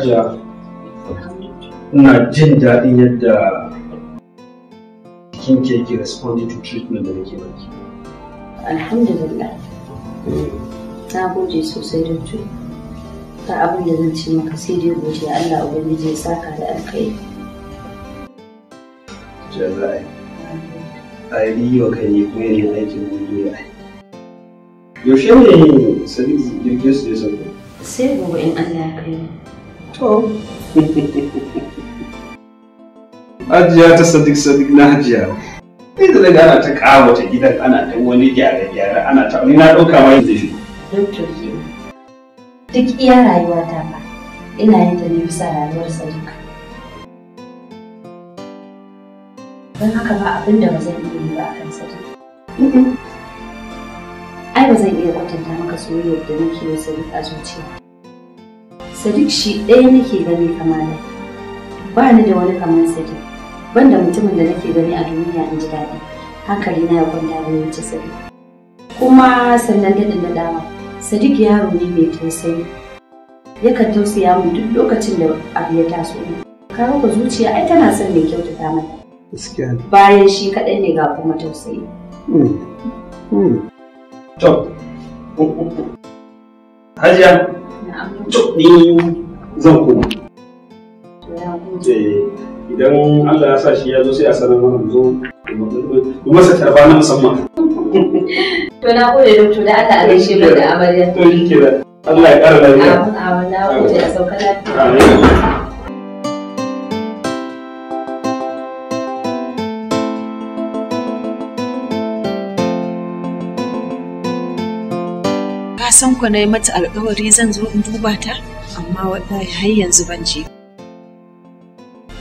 Hajiya, ina jin daɗin yadda jikin ke yake responding to treatment da nake baki. Alhamdulillah. Na gode sosai da tu. Ta abin da zan ce maka sai dai gode Allah Ubangiji ya saka da alkai. Jazai. A yi wa kai ne kuma yin aikin yi. Yaushe ne Sadiq jirgin su ya sauka? Sai gobe in Allah ya kai. To. Hajiya ta sadik sadik na hajiya. Sai da daga ana ta kawata gidan ana ta wani gyare gyara, ana ta ni na ɗauka ma yanzu shi. Duk iya rayuwata ba, ina yin ta ne bisa rayuwar sadik. Don haka ba abin da ba zan iya yi ba a kan sadik. Ai ba zan iya kwatanta maka soyayyar da nake yi sadik a zuciya. Sadiq shi ɗaya nake gani kamala. Ba ni da wani kamar Sadiq. Banda mutumin da nake gani a duniya in ji daɗi. Hankali na ya kwanta ya ci Sadiq. Kuma sannan daɗin da dama. Sadiq yaro ne mai tausayi. Yakan tausaya mu duk lokacin da abu ya taso. Ka zuciya ai tana son mai kyautata mata. Bayan shi kaɗai ne ga kuma tausayi. Hmm. Hmm. Hajiya, cuk ni zan idan Allah ya sa shi ya zo sai a sanar mana zo mu masa tarba na musamman to na gode doctor da Allah a gaishe mu da amarya to shi Allah ya kara lafiya a gode a sauka lafiya san ku na mata alkawari zan zo in duba ta amma wallahi har yanzu ban je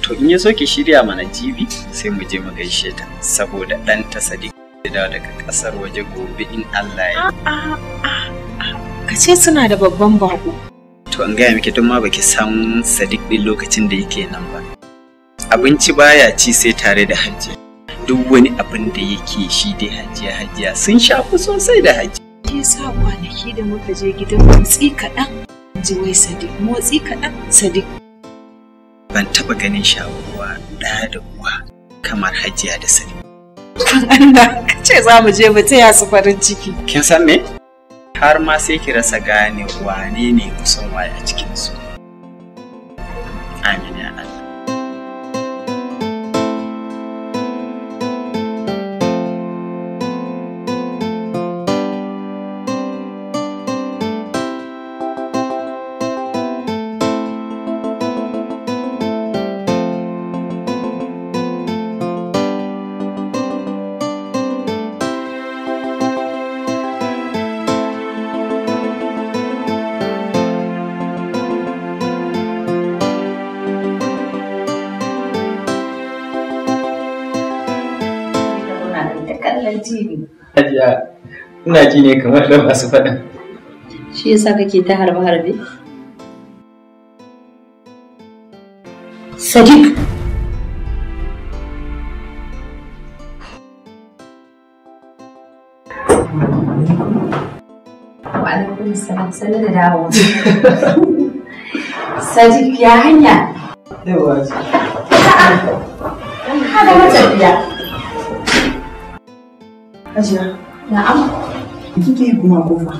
to in ya so ki shirya mana jibi sai mu je mu gaishe ta saboda dan ta sadiq ya dawo daga kasar waje gobe in Allah ya ka ce suna da babban bako to an gaya miki don ma baki san sadiq din lokacin da yake nan ba abinci baya ci sai tare da hajji duk wani abin da yake shi dai hajiya hajiya sun shafu sosai da hajiya yasa sa kwanaki da muka je gidan motsi kaɗan ji wai sadik motsi kaɗan sadik ban taɓa ganin shawarwa ɗaya da uwa kamar hajiya da sadiq kan Allah ka ce za mu je mu taya su farin ciki kin san me har ma sai ki rasa gane wane ne kusan waye a cikinsu amin Hajiya, ina ji ne kamar da masu faɗin. Shi yasa kake ta harbe-harbe? Sadiq! Sadiq ya hanya. Yawa Ha matafiya. Hajiya. Na'am. Kike yi kuma kofa.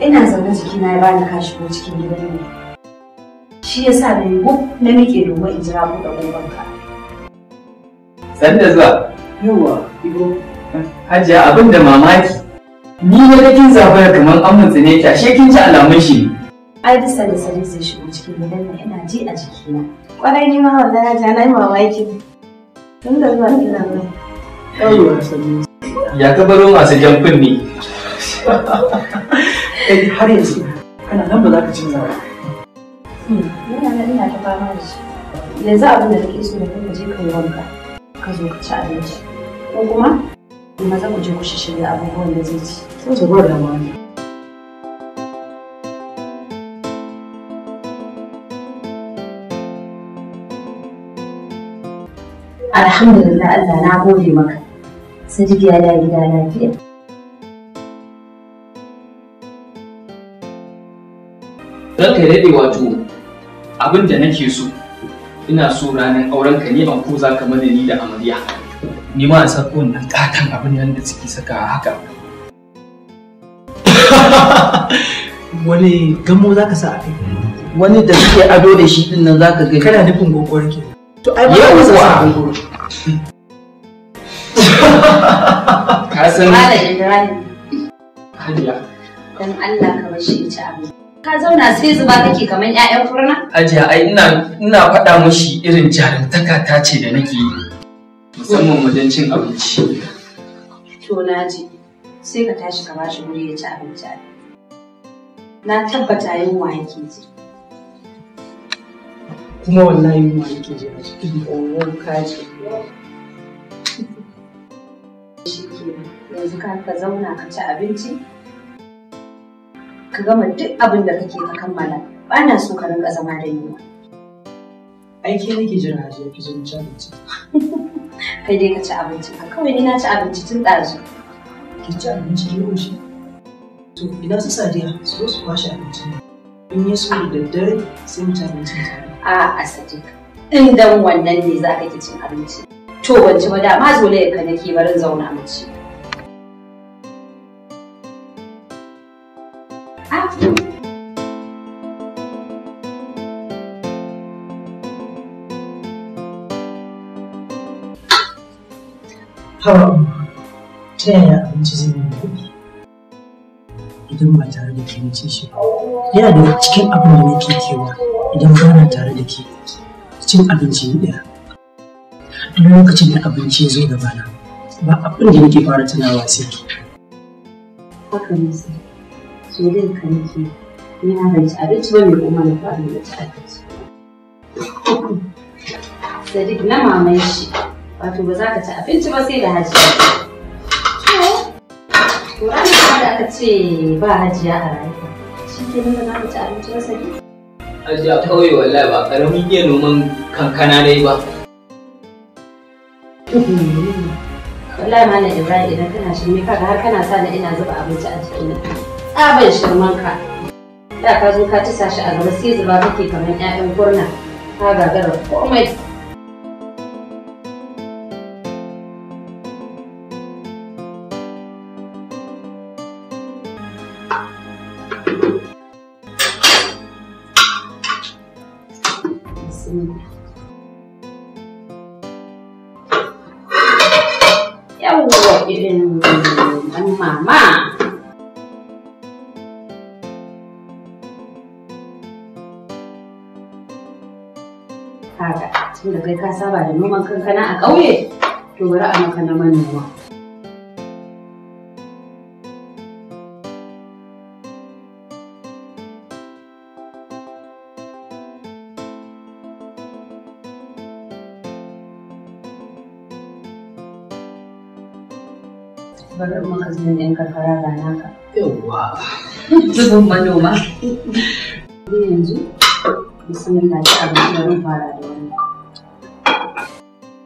Ina zaune jikina ya bani ka shigo cikin gidan ne. Shi ya sa da yi na muke domin in jira buɗe goban ka. Sanda zuwa. Yawwa, Ibo. Hajiya abin da mamaki. Ni na da kin zafara kamar an mutsu ne ki ashe kin ji alamun shi. Ai bisa da sare zai shigo cikin gidan nan ina ji a jikina. Kwarai ni ma wallahi na yi mamaki. Tun da zuwa ina nan. Yawwa, Sadiya. ya ka baro masu jamfin ne. eh har yanzu kana nan ba za ka canza ba hmm, ina nan ina ta fama da shi yanzu abin da nake so ne ka je ka yi wanka ka zo ka ci abinci ko kuma maza ku je ku shirya abubuwan da zai ci sai ku gwada ma Alhamdulillah Allah na gode maka Sadiq ya da gida lafiya. Don ka daɗe wato abin da nake so ina so ranar aurenka ne an ko za ka mana ni da amarya. Ni ma a sako wannan katon abin nan da suke saka haka. Wani gamo za ka sa a kai. Wani da suke ado da shi din nan za ka gani. Kana nufin gogor ke. To ai ba za ka sa gogor. ka san Malam Ibrahim Hajiya dan Allah ka bar shi ci abin ka zauna sai zuba kake kamar ƴaƴan furna Hajiya ai ina ina faɗa mushi irin jarumtaka ta ce da nake yi musamman wajen cin abinci to na naji sai ka tashi ka bashi guri ya ci abinci a na tabbata yunwa yake ji kuma wallahi yunwa yake ji a cikin kaji shi yanzu ka ka zauna ka ci abinci ka gama duk abin da kake ka kammala ba na so ka rinka zama da yunwa aiki nake jira a je ki zo ci abinci kai dai ka ci abinci ka kawai ni na ci abinci tun ɗazu ki ci abinci ki rushe to idan su sadiya su zo su kwashe abincin in ya so da daddare sai mutane sun tare a a sadiya in dan wannan ne za ka ki cin abinci to ban ci ba da ma zolayar ka nake barin zauna mu ci ta yaya abinci zai yi gobe idan ba tare da ke nace shi ba yana da cikin abin da nake kewa idan ba na tare da ke cin abinci ɗaya duk lokacin da abinci ya zo gabana ba abin da nake fara tunawa sai ki haka ne sai so din ka nake ni na ban ci abinci ba mai kuma na fara da ci abinci Sadiq na maman shi wato ba za ka ci abinci ba sai da hajiya to ranar da aka ce ba hajiya a rayuwa shi ke nuna za ka ci abinci ba Sadiq Hajiya kawai wallahi ba ƙaramin iya noman kankana dai ba. ma na ibrahim idan kana shirme kaga har kana sa ina zuba abinci a cikin nan tsaban shirman ka da ka zo ka ci shi a gaba sai zuba kake kamar ƴaƴan gurna ka gagara komai kai ka saba da noman kankana a ƙauye to bari a maka na manoma bari in maka zuwan yan karkara da naka yawwa zubin manoma yanzu bismillah ta abin da fara da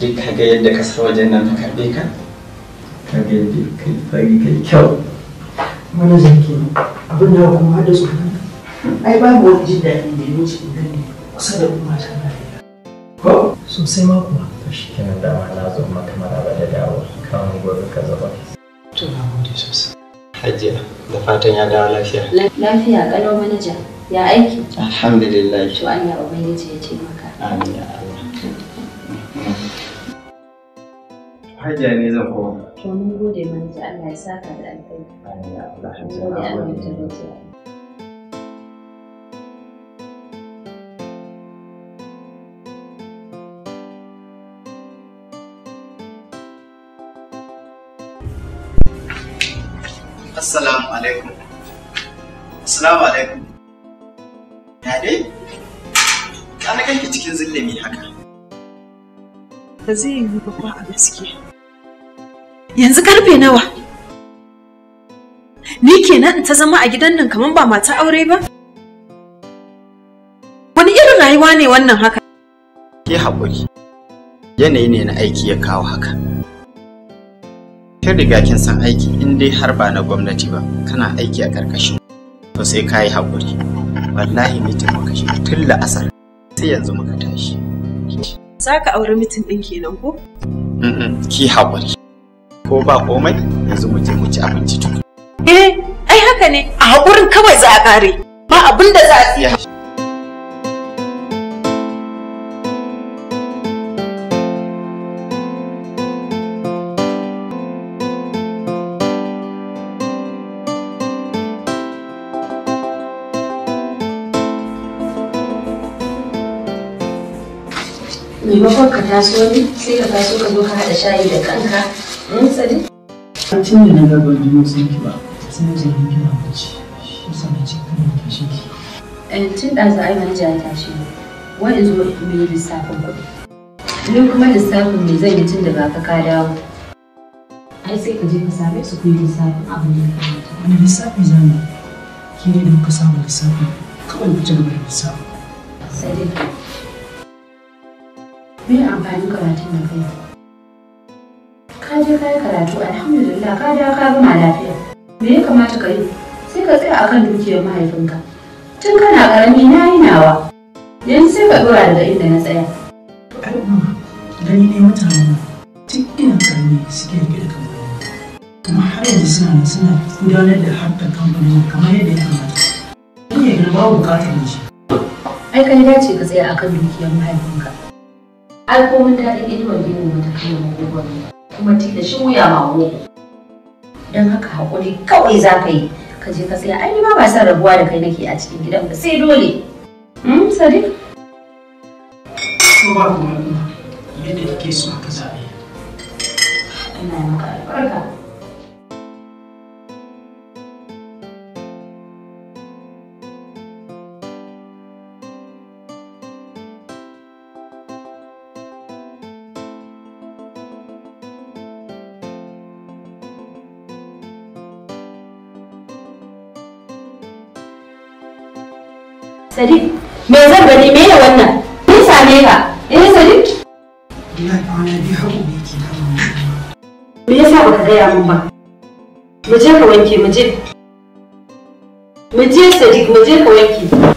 duk ka ga yadda ka sa wajen nan ka karɓe ka ka ga yadda kai fari kai kyau wani zaki abin da kuma hada su ai babu wani jin daɗi da ya wuce in gani kusa da kuma ta lafiya ko sosai ma kuwa to shi kenan dama na zo maka maraba da dawo kamun gobe ka zaba to na gode sosai Hajiya, da fatan ya dawo lafiya. Lafiya, kalau manaja. Ya aiki? Alhamdulillah. To Allah Ubangiji ya ce maka. Amin. Hajiya ne zan koma. To mun gode manaji Allah ya saka da alkai. Mun gode Allah ya tabbata. Assalamu alaikum. Assalamu alaikum. Ya dai? Ya na ganki cikin zillimi haka. Ba zai yi ba a gaskiya. yanzu karfe nawa ni kenan in ta zama a gidan nan kamar ba mata aure ba wani irin rayuwa ne wannan haka ke haƙuri yanayi ne na aiki ya kawo haka kin riga kin san aiki in dai har ba na gwamnati ba kana aiki a ƙarƙashin to sai ka yi haƙuri wallahi mitin muka shi tun la'asar sai yanzu muka tashi za ka aure mitin ɗin kenan ko? ki haƙuri ko ba komai yanzu mu je mu ci abinci tukun eh ai haka ne a hakurin kawai za a kare ba abin da za a iya maimakon ka taso ne sai ka taso ka zo ka haɗa shayi da kanka Mun tsari? A da na ga ban biyo sun ki ba, sai na Shi eh, a lissafin kuɗi. lissafin me zan yi da ka dawo. Ai sai ka je ka lissafin Wani za mu? da samu lissafin. Kawai amfanin karatun da kai? ka je ka yi karatu alhamdulillah ka da ka gama lafiya me ya kamata ka yi sai ka tsaya akan dukiyar mahaifinka tun kana karami na yi nawa yanzu sai ka dora daga inda na tsaya gani ne mutane tun ina karami suke rike da kamfanin kuma har yanzu suna nan suna gudanar da harkar kamfanin kamar yadda ya kamata iya gina babu bukatar da shi ai kai dace ka tsaya akan dukiyar mahaifinka ai komin daɗin inuwar gini wata kai magogon ba kuma shi wuya ma wogo don haka haƙuri kawai za ka yi ka je ka tsaya ai ma ba san rabuwa da kai nake a cikin gidan ba sai dole hmm sadiq to ba ku kuma yadda kike so ka zabe ina maka albarka Sadiq, me zan gani me ne wannan? Ni same ka. Eh Sadiq? Diya kwana bi haƙo ne ke kama. Me yasa ka gaya min ba? Mu je ka wanke mu je. Mu je Sadiq mu je ka wanke.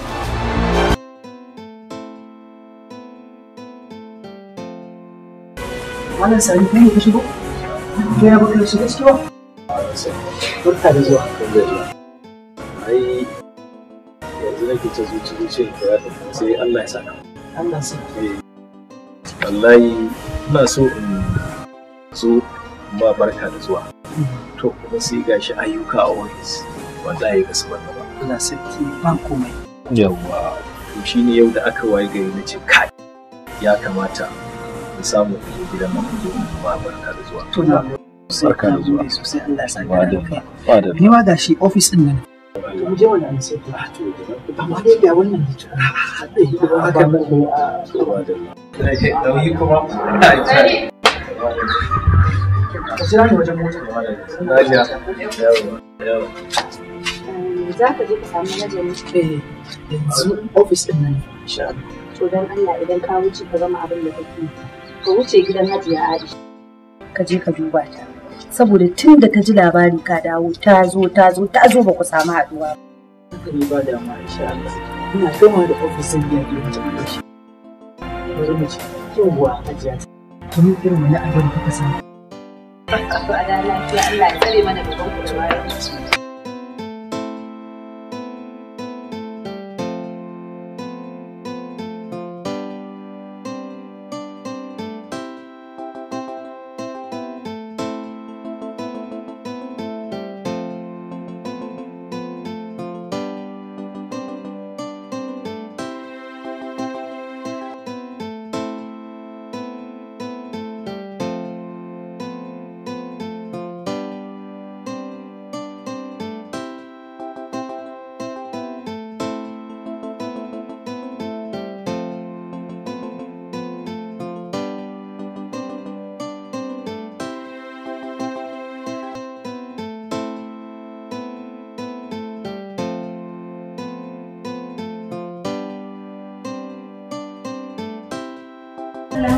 wannan sami ne ya shigo? Ya baka shi ciki ba? Barka da zuwa. Barka da zuwa. take ta zuci zuci ta ya tafi sai Allah ya saka Allah sai eh. wallahi ina so in zo ba barka da zuwa mm-hmm. to kuma sai gashi ayyuka a ofis wallahi yi gasu wannan ba ina sarki ban komai yawa to ne yau da aka waye gari na ce kai ya kamata in samu in zo gidan mu zo ba barka da zuwa to na barka da zuwa sosai Allah ya saka ni ma gashi ofis din nan mu je wani an sai amma eh, ka je ka samu eh, idan ka wuce ka gama gidan Hajiya je ka duba ta saboda tun da ta ji labari ka dawo ta zo ta zo ta zo ba ku samu haɗuwa ba hankali ba da ma insha Allah ina gama da ofisin ya ke wajen shi. bari mu ce yawwa hajiya kamar irin wani abin da ka samu. Ba a da lafiya Allah ya kare mana gaban ku da bayan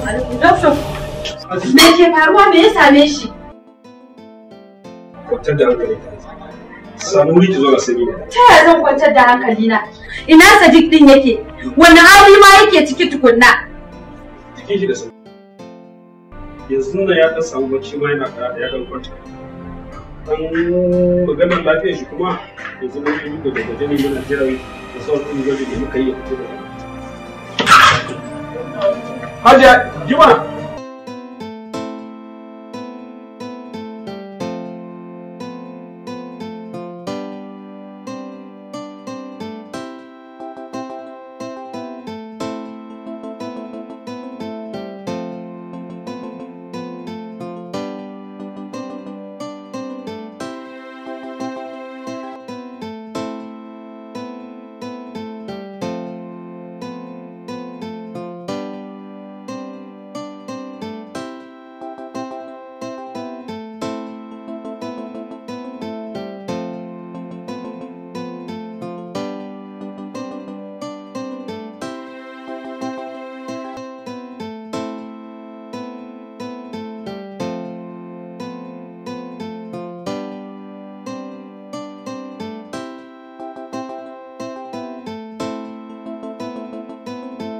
Assalamu Me ke faruwa me ya same shi? Kwantar da hankali Samu wuri zo sani. Ta yaya zan kwantar da hankali na? Ina Sadiq din yake? Wani hali ma yake ciki tukunna? Jikin shi da sani. Yanzu nan ya ɗan samu bacci ma yana da ya ɗan kwanta. Dan maganar lafiyar shi kuma yanzu mun yi da gaje muna jiran da sauran gwajin da muka yi a cikin 二姐，一万。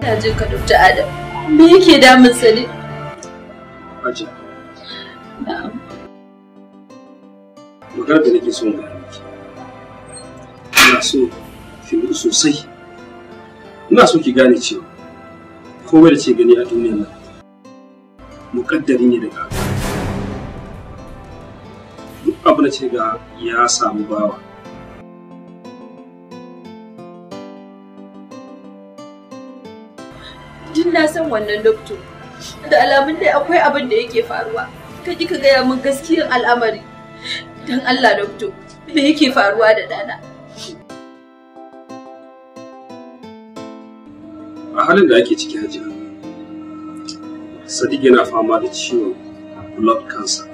Ina jin ka Dr. Adam. Me yake damun ne? Hajiya. Na'am. Maganar da nake so ga miki. Ina so ki mutu sosai. Ina so ki gane cewa komai da ce gani a duniyar nan muƙaddari ne daga duk abu na ce ga ya samu bawa Ina son wannan doktor. Da alamun dai akwai abin da yake faruwa. Ka ji ka gaya min gaskiyar al'amari. Dan Allah doktor, me yake faruwa da dana? A halin da ake ciki hajiya, Sadiq yana fama da ciwon blood cancer.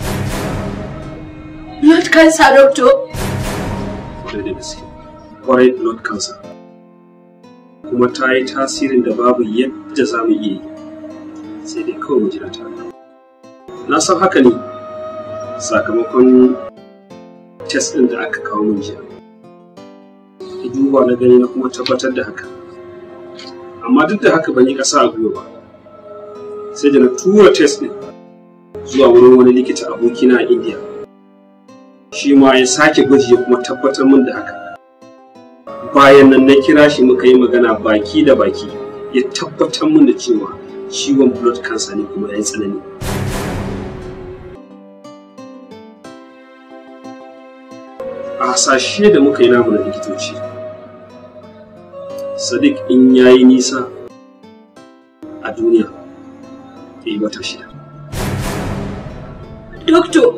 Blood cancer, doctor? Kwarai da gaske, kwarai blood cancer. kuma ta yi tasirin da babu yadda za mu iya yi sai dai kawai mu jira ta na san haka ne sakamakon test ɗin da aka kawo min jiya ta duba na gani na kuma tabbatar da haka amma duk da haka ban yi ƙasa a gwiwa ba sai da na tura test ɗin zuwa wurin wani likita abokina a indiya shi ma ya sake gwaji ya kuma tabbatar min da haka bayan nan na kira shi muka yi magana baki da baki ya tabbatar mun da cewa ciwon blood cancer ne kuma ya tsanani a hasashe da muka yi namu da likitoci sadiq in yayi nisa a duniya ya yi wata shida doctor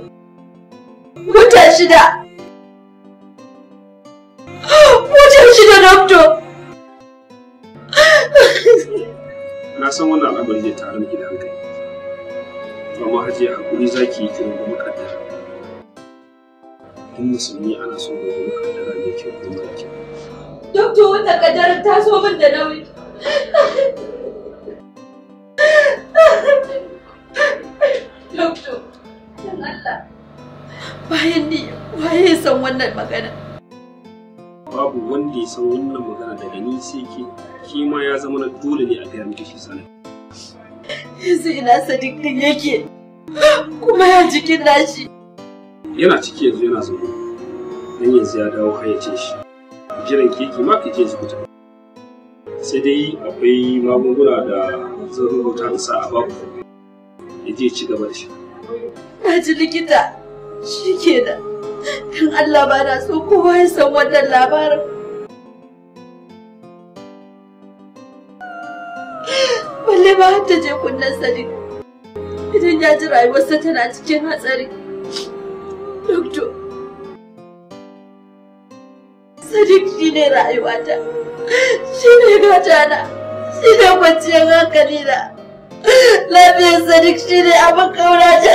wata shida shiga doctor. Na san wannan al'amari zai tare da gidan kai. Amma hajiya hakuri zaki yi kiran da makaddara. Duk musulmi ana son gobe makaddara mai kyau ko mara kyau. Doctor ta so min da nauyi. Doctor, don Allah. Bayan ni, waye san wannan magana? wanda ya san wannan magana daga ni sai ke ma ya zama na dole ne a gaya miki shi sanin. Yanzu ina sadikin yake kuma ya jikin nashi. Yana ciki yanzu yana zaune. don yanzu ya dawo hayyacin shi. Jiran keke ma ka je su kuta. Sai dai akwai magunguna da zan rubuta sa a baku. Ya je ci gaba da shi. Na ji likita. Shi kenan. Don Allah ba na so kowa ya san wannan labarin. ba har ta je kunnen sadiq idan ya ji rayuwarsa tana cikin hatsari doctor sadiq shi ne rayuwata shi ne gatana shi ne kwanciyar hankali na lafiyar sadiq shi ne abin kaura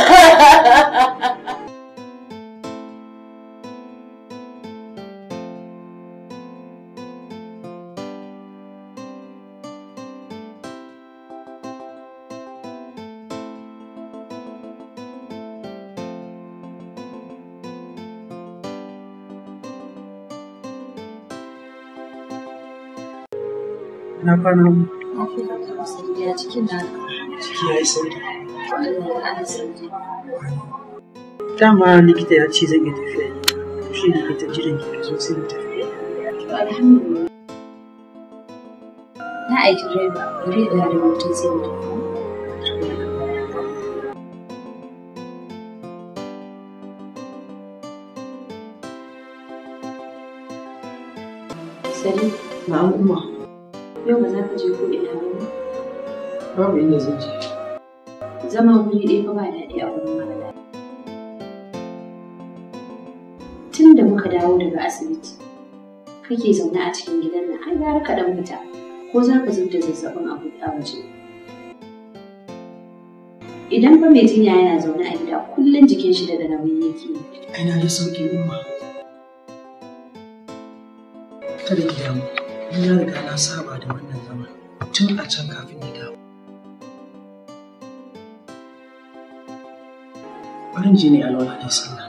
na kwana mu. Ya cikin da Ciki ya yi sauki. Dama likita ya ce zan iya tafiya ne. Shi ne ta jiran ki sai Na aiki direba, da da sai mu tafi. ma'am ka je ko ina bane? Babu inda zan je. Zama wuri ɗaya fa ba daɗi a wurin mara lafiya. Tun da muka dawo daga asibiti, kake zaune a cikin gidan nan ai gara ka ɗan fita ko za ka zubta zazzabin abu a waje. Idan fa mai jinya yana zaune a gida kullum jikin shi daga nauyi yake. Ai na ji sauƙi umma. Kada ki damu. Ina na riga na saba da wannan zaman tun a can kafin ya dawo. Farin jini alwala da sallah.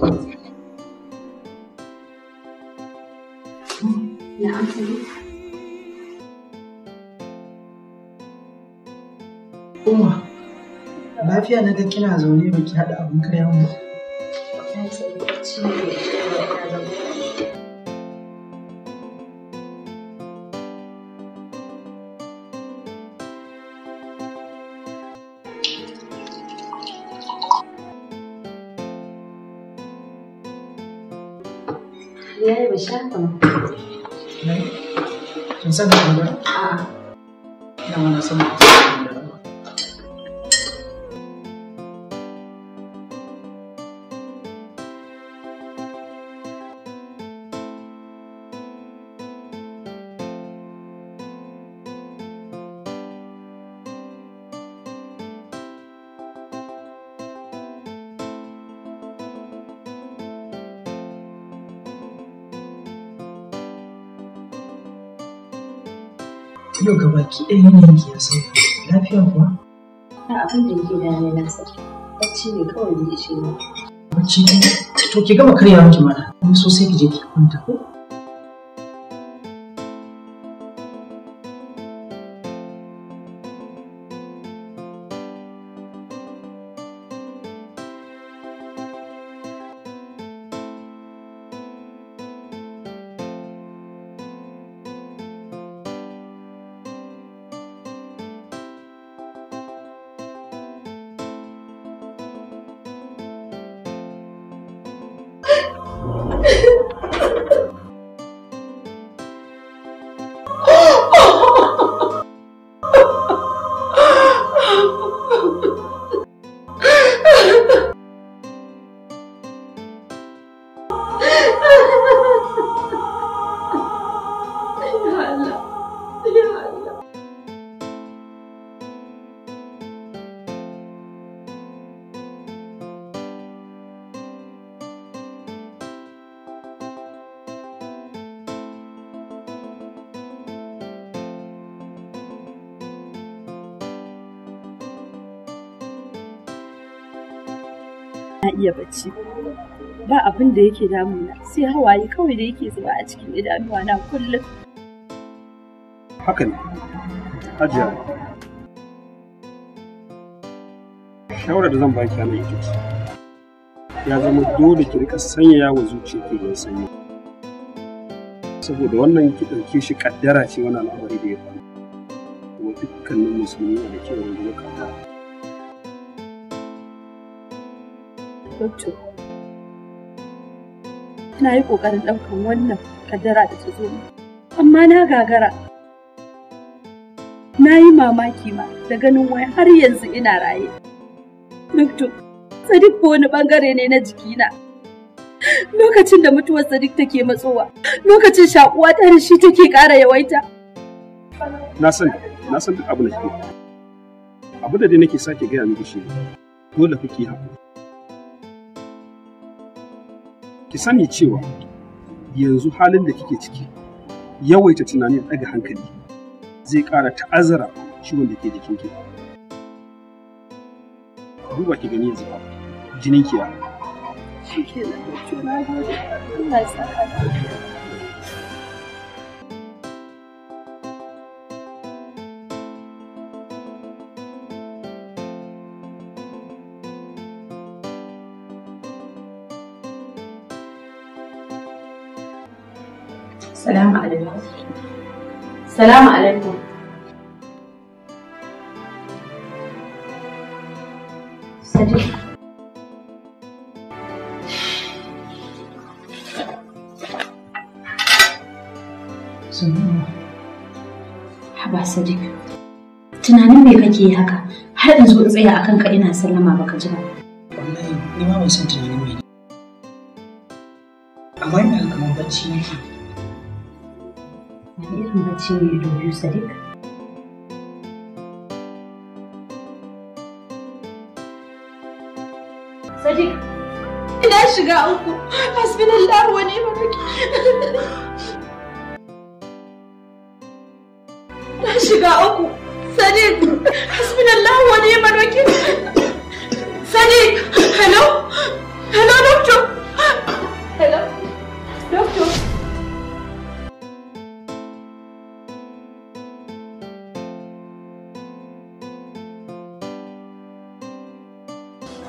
Thank you. feliz. Umma, lafiya na ga kina zaune ba ki haɗa abin kayan ba. ce, ne zaune. Musa da A'a. Ina mana sama. baki ɗaya yanayin ki ya lafiya kuwa Na abin da yake da ne nasa bacci ne kawai da ishe ne bacci ne to ki gama karya miki mana sosai so ki je ki kwanta ko na iya bacci ba abin da yake damuna sai hawaye kawai da yake zuba a cikin idanuwa na kullum haka ne hajiya shawarar da zan baki ana ce ya zama dole ki rika sanyaya wa zuciya ke ruwan sanyi saboda wannan ki ɗauke shi kaddara ce wani al'amari da ya faru kuma dukkanin musulmi da kewayen da ya doctor ina yi ƙoƙarin ɗaukan wannan kaddara da ta zo amma na gagara na yi mamaki ma da ganin wai har yanzu ina raye Duk doctor sadiq wani ɓangare ne na jikina lokacin da mutuwar sadiq take matsowa lokacin shakuwa ta da shi take ƙara yawaita na san na san duk abin da ke abin da dai nake sake gaya miki shi dole kuke haƙuri ki sani cewa yanzu halin da kike ciki yawaita tunanin ɗaga hankali zai ƙara ta'azzara ciwon da ke jikinki duba ki gani yanzu jinin ki ya Allah ya saka Salamu عليكم Salamu عليكم Sadiq. Sadiq. Tunanin me kake yi haka? Har in zo in tsaya akan ka ina sallama baka ji ba. Wallahi, ni ma ban san tunanin me. Amma ina kamar bacci nake. ce ya dubi Sadiq. Sadiq, shiga uku, hasbinallah Na shiga uku, Sadiq, hasbinallah Sadiq, hello? Hello doctor.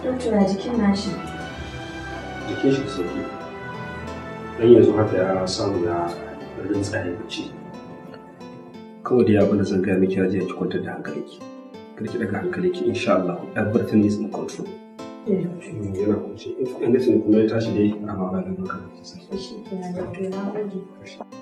Doktora jikin nashi. Jikin shi sauki. Dan yanzu haka ya samu ya rintsa ya bacci. Kawai da abin da zan gaya miki ya ki kwantar da hankalinki. Kada ki daga hankalinki insha Allah. Everything is in control. Yana kunce. In kuma ya tashi dai a mamanin kanka. Shi ke na da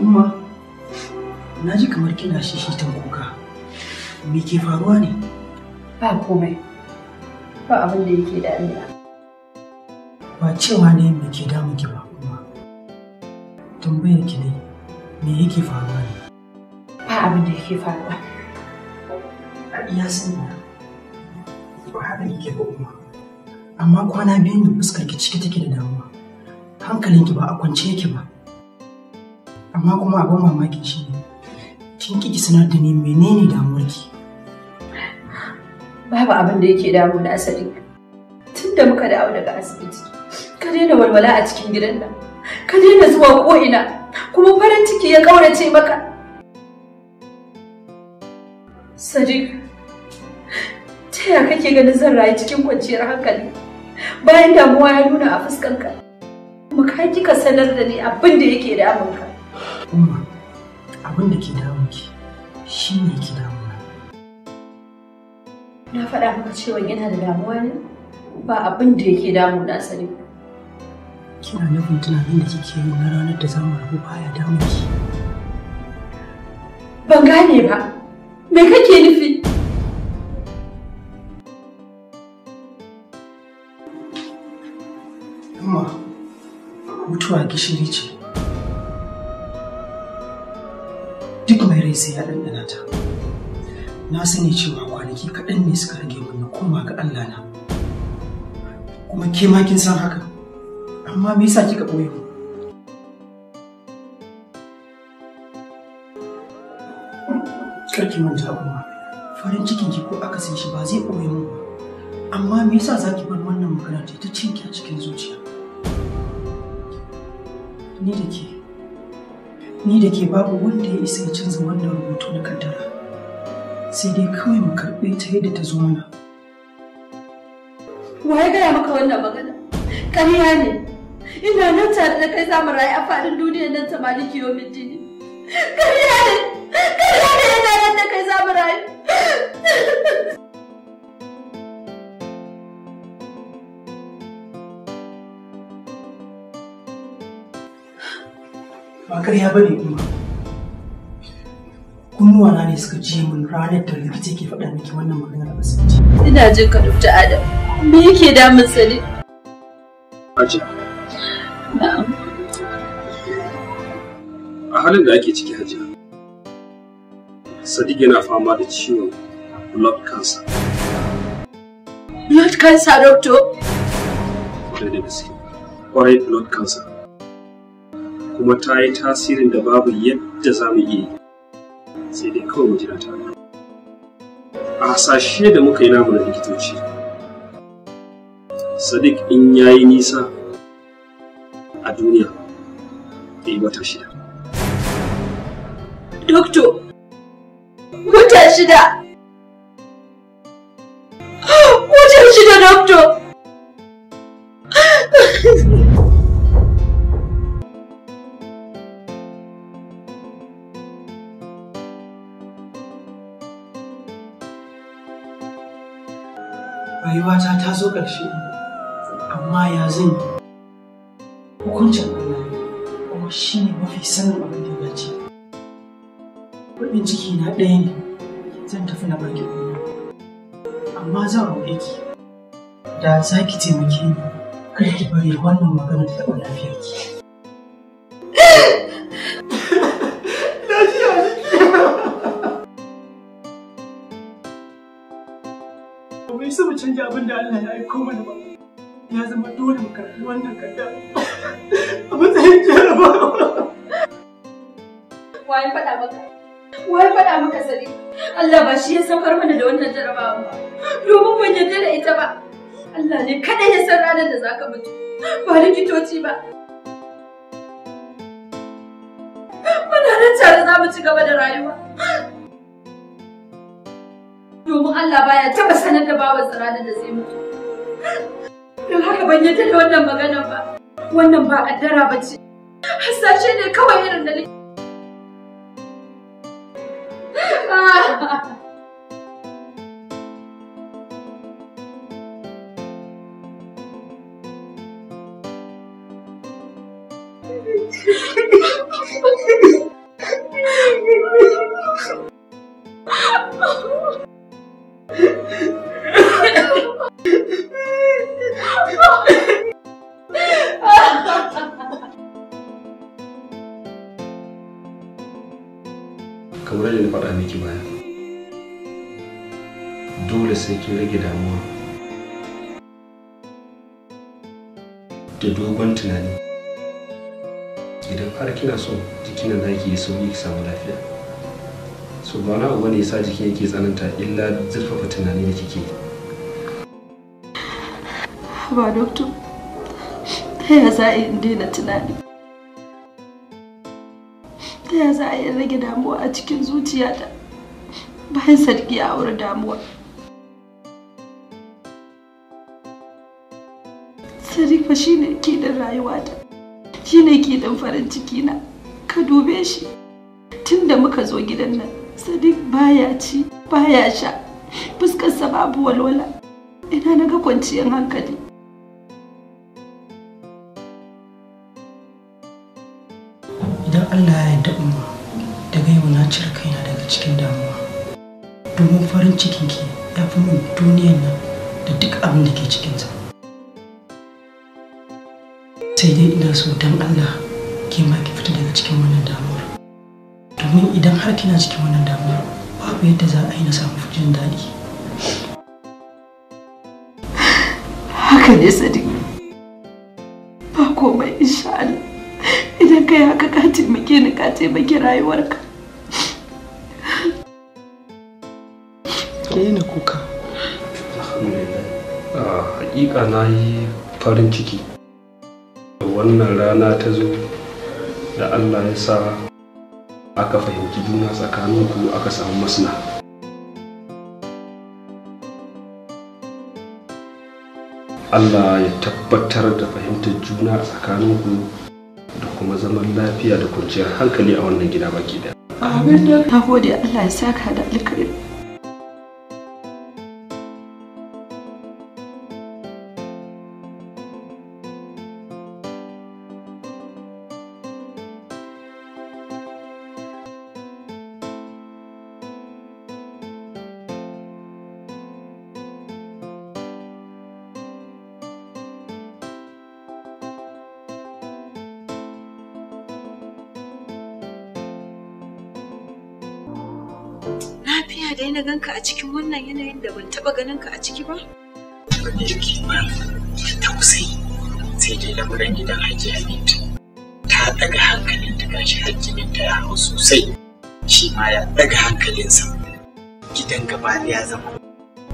Umma, na ji kamar kina shishitan kuka. Me ke faruwa ne? Ba komai. Ba abin da yake damina. Ba cewa ne me ke damu ki ba kuma. Tambayar ki ne me yake faruwa ne? Ba abin da yake faruwa. Ya sanya. Ba haka yake ba kuma. Amma kwana biyu ne fuskar ki ciki take da damuwa. Hankalinki ba a kwance yake ba. amma kuma abin mamaki shi ne kin kiki sanar da ni menene damuwarki babu abin da yake damu na asali tun da muka dawo daga asibiti ka daina walwala a cikin gidan nan ka daina zuwa ko'ina kuma farin ciki ya ƙaurace maka sadiq ta ya kake ganin zan rayu cikin kwanciyar hankali bayan damuwa ya nuna a fuskanka kuma ka kika sanar da ni abin da yake damunka umma abin da ke ki shi ne ke damu. na faɗa maka cewa yana da damuwa ne ba abin da yake na sani kina nufin tunanin da kike yi na ranar da zamu rabu baya ki ban gane ba me kake nufi mutuwa gishiri ce dare sai ya ɗanɗana ta na sani cewa kwanaki kaɗan ne suka rage mun na koma ga Allah na kuma ke ma kin san haka amma me yasa kika ɓoye mu karki manta kuma farin cikin ki ko akasin shi ba zai ɓoye mu ba amma me yasa za ki bar wannan magana ta ta a cikin zuciya ni da ke ni da ke babu wanda ya isa ya canza wannan rubutu na kaddara sai dai kawai mu karɓe ta yadda ta zo mana ya gaya maka wannan magana ƙarya ne ina nan tare da kai zamu rayu a faɗin duniyar nan ta maliki yau jini ƙarya ne ƙarya ne ina nan da kai zamu rayu ba ƙarya ba ne umma kunnuwana ne suka ji min ranar da rikici ke faɗa miki wannan maganar asibiti ina jin ka dr adam me yake damun sani aji a halin da ake ciki hajiya sadiq yana fama da ciwon blood cancer blood cancer doctor kwarai da gaske kwarai blood cancer kuma ta yi tasirin da babu yadda za mu iya sai dai kawai mu jira ta a hasashe da muka yi namu likitoci sadiq in ya yi nisa a duniya ya yi wata shida dokto wata shida ah, wata shida dokto rayuwata ta zo ƙarshe amma ya zan yi hukuncin Allah ne kuma shi ne mafi sanin abin da ya ce kuɗin ciki na ɗaya ne zan tafi na baki kuma amma zan roƙe ki da za ki taimake ni kar ki bari wannan magana ta taɓa lafiyarki. canja abin da Allah ya aiko mana ba ya zama dole mu karɓi wannan kadda a matsayin jarabawa wai faɗa maka wai faɗa maka sani Allah ba shi ya saukar mana da wannan jarabawa ba domin ban yarda da ita ba Allah ne kada ya san ranar da zaka mutu ba likitoci ba muna nan tare za mu ci gaba da rayuwa domin Allah baya taba sanar da bawa tsiranin da zai mutu. Don haka ban yadda da wannan maganar ba. Wannan ba kaddara ba ce. Hasashe ne kawai irin da Ah! dole sai kin rage damuwa da dogon tunani idan har kina so jikin da naki ya sauki ki samu lafiya so ba na uba ne yasa jikin yake tsananta illa zurfafa tunani da kike ba doktor ta yaya za a yi daina tunani ta yaya za a yi rage damuwa a cikin zuciyata bayan sarki a aure damuwa Sadiq fa shine kiɗin rayuwata. Shine kiɗin farin ciki na. Ka dube shi. Tunda muka zo gidan nan, Sadiq baya ci, baya sha. Fuskarsa babu walwala. Ina na ga kwanciyar hankali. Idan Allah ya yarda umma, daga yau na cire kaina daga cikin damuwa. Domin farin ki ya fi mun duniyar nan da duk abin da ke cikinsa. sai dai ina so don Allah ke ma ki fita daga cikin wannan damuwar domin idan har kina cikin wannan damuwar babu yadda za a yi na samu jin daɗi haka ne sadi ba komai insha Allah idan kai haka ka taimake ni ka taimake rayuwarka ke na kuka alhamdulillah a ah, hakika na yi farin ciki wannan rana ta zo da allah ya sa aka fahimci juna tsakaninku aka samu masana allah ya tabbatar da fahimtar juna tsakaninku da kuma zaman lafiya da kwanciyar hankali a wannan gida baki daya abin da ta gode allah ya saka da alkhairi taba ganin ka a ciki ba? Ban tausayi sai dai lamuran gidan Hajji Hamidu. Ta ɗaga hankalin ta gashi hajjinin ta ya hau sosai, shi ma ya ɗaga hankalinsa. Gidan gaba ya zama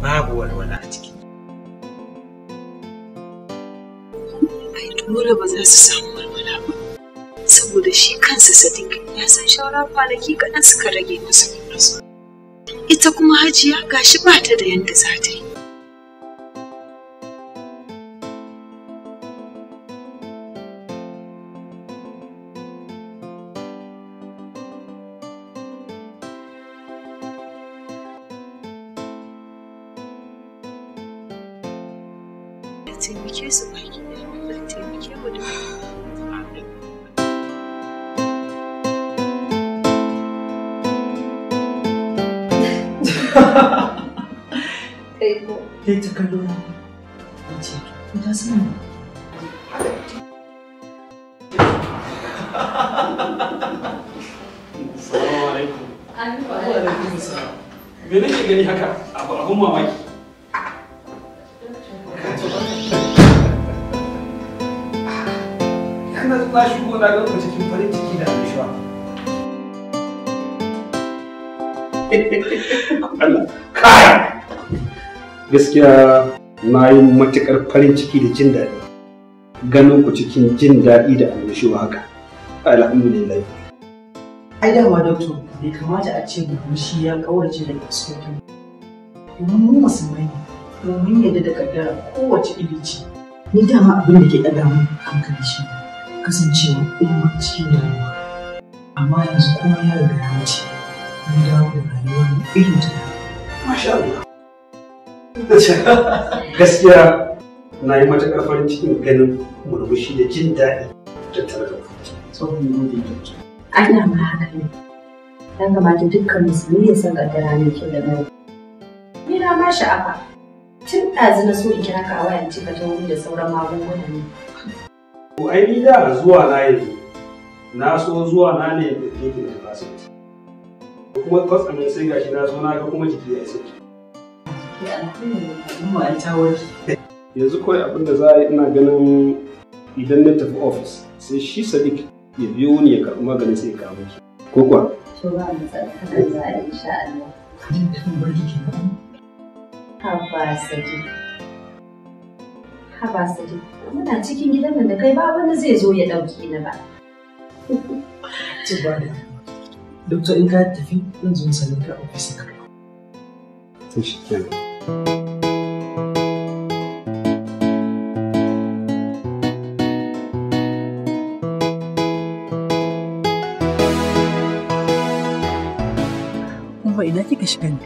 babu walwala a ciki. Ai dole ba za su samu walwala ba. Saboda shi kansa Sadiq ya san shawara kwanaki kaɗan suka rage masa ita kuma hajiya gashi ba ta da yanda za ta yi gani haka abun mamaki na gaskiya na yi matuƙar farin ciki da jin daɗi ganin ku cikin jin daɗi da annashuwa haka alhamdulillah ai dama doctor bai kamata a ce burushi ya kaurace daga cikin domin mu musulmai ne domin ya da kaddara kowace iri ce ni dama abin da ke ɗaga mu hankali shi kasancewa umma cikin rayuwa amma yanzu kuma ya riga ya wuce mun dawo da rayuwar irin ta masha Allah gaskiya na yi matuƙar farin cikin ganin murmushi da jin daɗi tattare da ku saboda mu da yake ana ma haka ne dan kamata dukkan musulmi ya san kaddara ne ke da mu Ina ma shi Tun ɗazu na so in kira ka a wayan ce ka ta wuri da sauran magungunan ne. Ko ai ni da zuwa na yanzu. Na so zuwa na ne da ke da Ko Kuma kwatsamin sai gashi na zo na ga kuma jiki ya yi sauki. Yanzu kawai abin da za a yi ina ganin idan na tafi ofis sai shi Sadiq ya biyo ni ya karɓi maganin sai ya kawo ki. Ko kuwa? To ba mu tsaya da za a yi insha Allah. Haba Sadiq. Haba muna cikin gidan nan da kai ba wani zai zo ya ɗauki ni ba. Tubada, Dokta in ka tafi zan zo sanin ka ofis ka. To shi kenan. kika shiga ne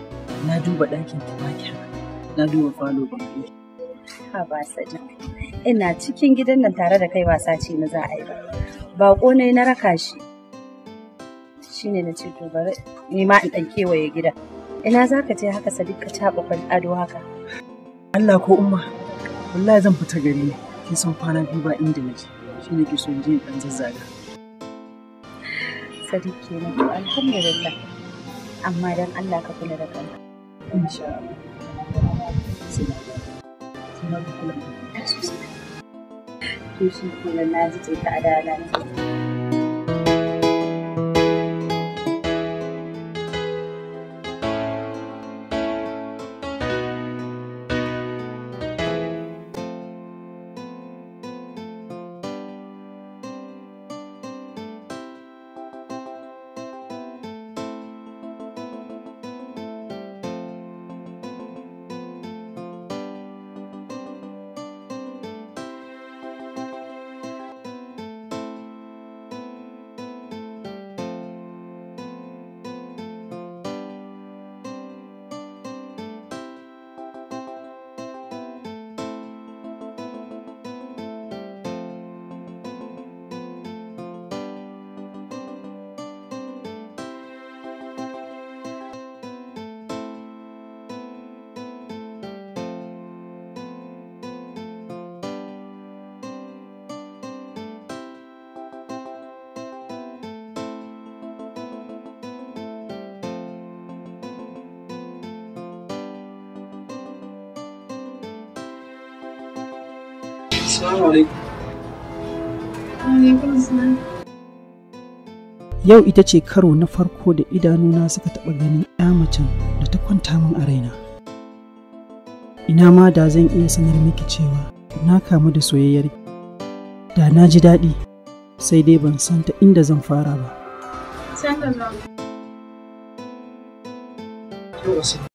na duba ɗakin ta baki haka na duba falo ban ha ba sajan ina cikin gidan nan tare da kai wasa ce na za a yi ba bako ne na raka shi shine na ce to bari ni ma in dan waye gida. ina za ka je haka sadiq ka taba kwan ado haka Allah ko umma wallahi zan fita gari kin san kwana biyu ba inda nake shine ki so je dan zazzaga sadiq kenan alhamdulillah amma dan Allah ka kula da kanka insha Allah Suna kula da na ce ta adala na Yau ita ce karo na farko da idanuna suka taɓa ganin ‘ya macen da ta kwanta min a raina. Ina ma da zan iya sanar miki cewa na kamu da soyayyar da na ji daɗi sai dai ban san ta inda zan fara ba. Sanda